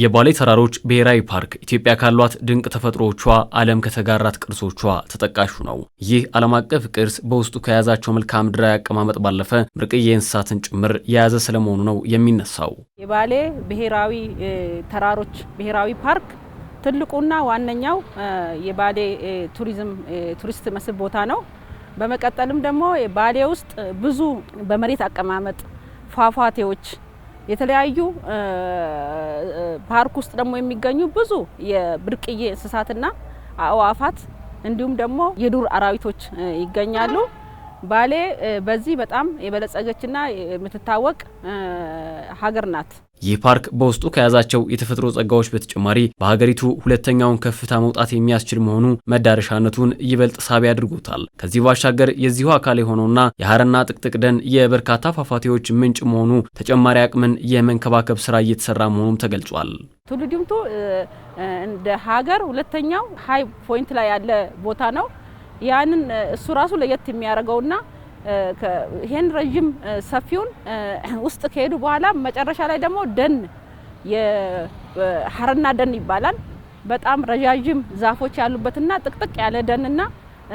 የባሌ ተራሮች ብሔራዊ ፓርክ ኢትዮጵያ ካሏት ድንቅ ተፈጥሮዎቿ ዓለም ከተጋራት ቅርሶቿ ተጠቃሹ ነው። ይህ ዓለም አቀፍ ቅርስ በውስጡ ከያዛቸው መልክዓ ምድራዊ አቀማመጥ ባለፈ ብርቅዬ እንስሳትን ጭምር የያዘ ስለመሆኑ ነው የሚነሳው። የባሌ ብሔራዊ ተራሮች ብሔራዊ ፓርክ ትልቁና ዋነኛው የባሌ ቱሪዝም ቱሪስት መስህብ ቦታ ነው። በመቀጠልም ደግሞ ባሌ ውስጥ ብዙ በመሬት አቀማመጥ ፏፏቴዎች የተለያዩ ፓርክ ውስጥ ደግሞ የሚገኙ ብዙ የብርቅዬ እንስሳትና አእዋፋት እንዲሁም ደግሞ የዱር አራዊቶች ይገኛሉ። ባሌ በዚህ በጣም የበለጸገችና የምትታወቅ ሀገር ናት። ይህ ፓርክ በውስጡ ከያዛቸው የተፈጥሮ ጸጋዎች በተጨማሪ በሀገሪቱ ሁለተኛውን ከፍታ መውጣት የሚያስችል መሆኑ መዳረሻነቱን ይበልጥ ሳቢ አድርጎታል። ከዚህ ባሻገር የዚሁ አካል የሆነውና የሀረና ጥቅጥቅ ደን የበርካታ ፏፏቴዎች ምንጭ መሆኑ ተጨማሪ አቅምን የመንከባከብ ስራ እየተሰራ መሆኑም ተገልጿል። ቱሉ ዲምቱ እንደ ሀገር ሁለተኛው ሀይ ፖይንት ላይ ያለ ቦታ ነው። ያንን እሱ ራሱ ለየት የሚያደርገውና ይሄን ረዥም ሰፊውን ውስጥ ከሄዱ በኋላ መጨረሻ ላይ ደግሞ ደን የሀረና ደን ይባላል። በጣም ረዣዥም ዛፎች ያሉበትና ጥቅጥቅ ያለ ደንና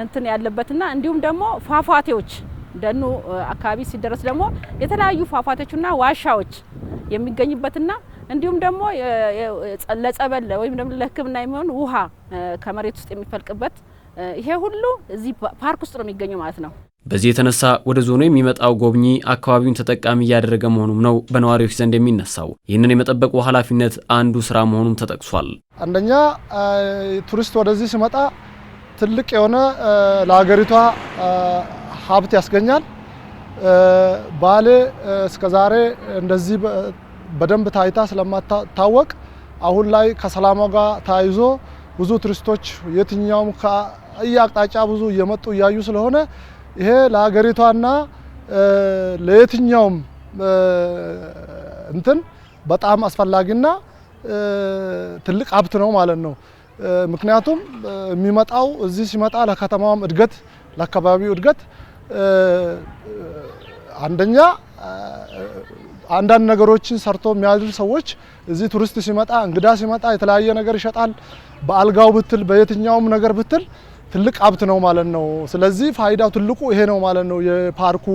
እንትን ያለበትና እንዲሁም ደግሞ ፏፏቴዎች ደኑ አካባቢ ሲደረስ ደግሞ የተለያዩ ፏፏቴዎችና ዋሻዎች የሚገኝበትና እንዲሁም ደግሞ ለጸበል ወይም ደግሞ ለሕክምና የሚሆን ውሃ ከመሬት ውስጥ የሚፈልቅበት ይሄ ሁሉ እዚህ ፓርክ ውስጥ ነው የሚገኘው ማለት ነው። በዚህ የተነሳ ወደ ዞኑ የሚመጣው ጎብኚ አካባቢውን ተጠቃሚ እያደረገ መሆኑም ነው በነዋሪዎች ዘንድ የሚነሳው። ይህንን የመጠበቁ ኃላፊነት አንዱ ስራ መሆኑም ተጠቅሷል። አንደኛ ቱሪስት ወደዚህ ሲመጣ ትልቅ የሆነ ለሀገሪቷ ሀብት ያስገኛል። ባሌ እስከዛሬ እንደዚህ በደንብ ታይታ ስለማታወቅ አሁን ላይ ከሰላሟ ጋር ተያይዞ ብዙ ቱሪስቶች የትኛውም እያቅጣጫ ብዙ እየመጡ እያዩ ስለሆነ ይሄ ለሀገሪቷና ለየትኛውም እንትን በጣም አስፈላጊና ትልቅ ሀብት ነው ማለት ነው። ምክንያቱም የሚመጣው እዚህ ሲመጣ ለከተማውም እድገት ለአካባቢው እድገት አንደኛ አንዳንድ ነገሮችን ሰርቶ የሚያድር ሰዎች እዚህ ቱሪስት ሲመጣ እንግዳ ሲመጣ የተለያየ ነገር ይሸጣል። በአልጋው ብትል በየትኛውም ነገር ብትል ትልቅ ሀብት ነው ማለት ነው። ስለዚህ ፋይዳው ትልቁ ይሄ ነው ማለት ነው። የፓርኩ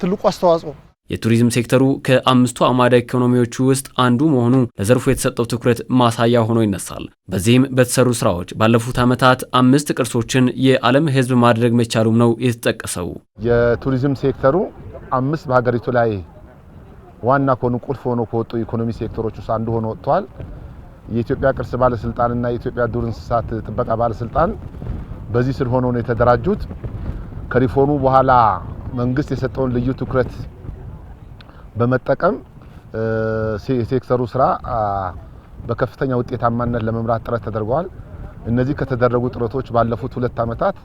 ትልቁ አስተዋጽኦ የቱሪዝም ሴክተሩ ከአምስቱ አማዳ ኢኮኖሚዎቹ ውስጥ አንዱ መሆኑ ለዘርፉ የተሰጠው ትኩረት ማሳያ ሆኖ ይነሳል። በዚህም በተሰሩ ስራዎች ባለፉት ዓመታት አምስት ቅርሶችን የዓለም ሕዝብ ማድረግ መቻሉም ነው የተጠቀሰው። የቱሪዝም ሴክተሩ አምስት በሀገሪቱ ላይ ዋና ከሆኑ ቁልፍ ሆኖ ከወጡ ኢኮኖሚ ሴክተሮች ውስጥ አንዱ ሆኖ ወጥቷል። የኢትዮጵያ ቅርስ ባለስልጣንና የኢትዮጵያ ዱር እንስሳት ጥበቃ ባለስልጣን በዚህ ስር ሆነው ነው የተደራጁት። ከሪፎርሙ በኋላ መንግስት የሰጠውን ልዩ ትኩረት በመጠቀም የሴክተሩ ስራ በከፍተኛ ውጤታማነት ለመምራት ጥረት ተደርገዋል። እነዚህ ከተደረጉ ጥረቶች ባለፉት ሁለት ዓመታት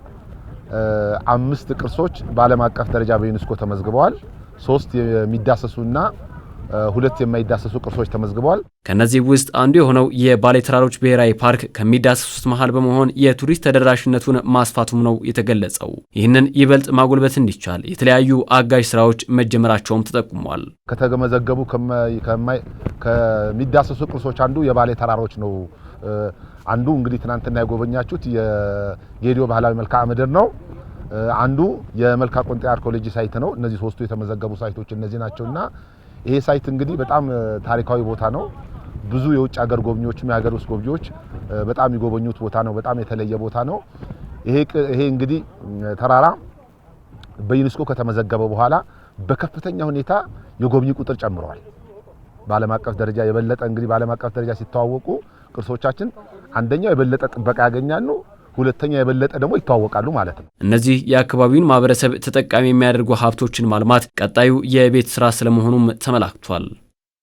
አምስት ቅርሶች በዓለም አቀፍ ደረጃ በዩኔስኮ ተመዝግበዋል። ሶስት የሚዳሰሱና ሁለት የማይዳሰሱ ቅርሶች ተመዝግበዋል። ከእነዚህ ውስጥ አንዱ የሆነው የባሌ ተራሮች ብሔራዊ ፓርክ ከሚዳሰሱት መሃል በመሆን የቱሪስት ተደራሽነቱን ማስፋቱም ነው የተገለጸው። ይህንን ይበልጥ ማጎልበት እንዲቻል የተለያዩ አጋዥ ስራዎች መጀመራቸውም ተጠቁሟል። ከተመዘገቡ ከሚዳሰሱ ቅርሶች አንዱ የባሌ ተራሮች ነው። አንዱ እንግዲህ ትናንትና የጎበኛችሁት የጌዲዮ ባህላዊ መልክዓ ምድር ነው። አንዱ የመልካ ቆንጤ አርኪኦሎጂ ሳይት ነው። እነዚህ ሶስቱ የተመዘገቡ ሳይቶች እነዚህ ናቸውና ይሄ ሳይት እንግዲህ በጣም ታሪካዊ ቦታ ነው። ብዙ የውጭ ሀገር ጎብኚዎችም የሀገር ውስጥ ጎብኚዎች በጣም የሚጎበኙት ቦታ ነው። በጣም የተለየ ቦታ ነው። ይሄ እንግዲህ ተራራ በዩኔስኮ ከተመዘገበ በኋላ በከፍተኛ ሁኔታ የጎብኚ ቁጥር ጨምረዋል። በዓለም አቀፍ ደረጃ የበለጠ እንግዲህ በዓለም አቀፍ ደረጃ ሲተዋወቁ ቅርሶቻችን አንደኛው የበለጠ ጥበቃ ያገኛሉ። ሁለተኛ የበለጠ ደግሞ ይተዋወቃሉ ማለት ነው። እነዚህ የአካባቢውን ማህበረሰብ ተጠቃሚ የሚያደርጉ ሀብቶችን ማልማት ቀጣዩ የቤት ስራ ስለመሆኑም ተመላክቷል።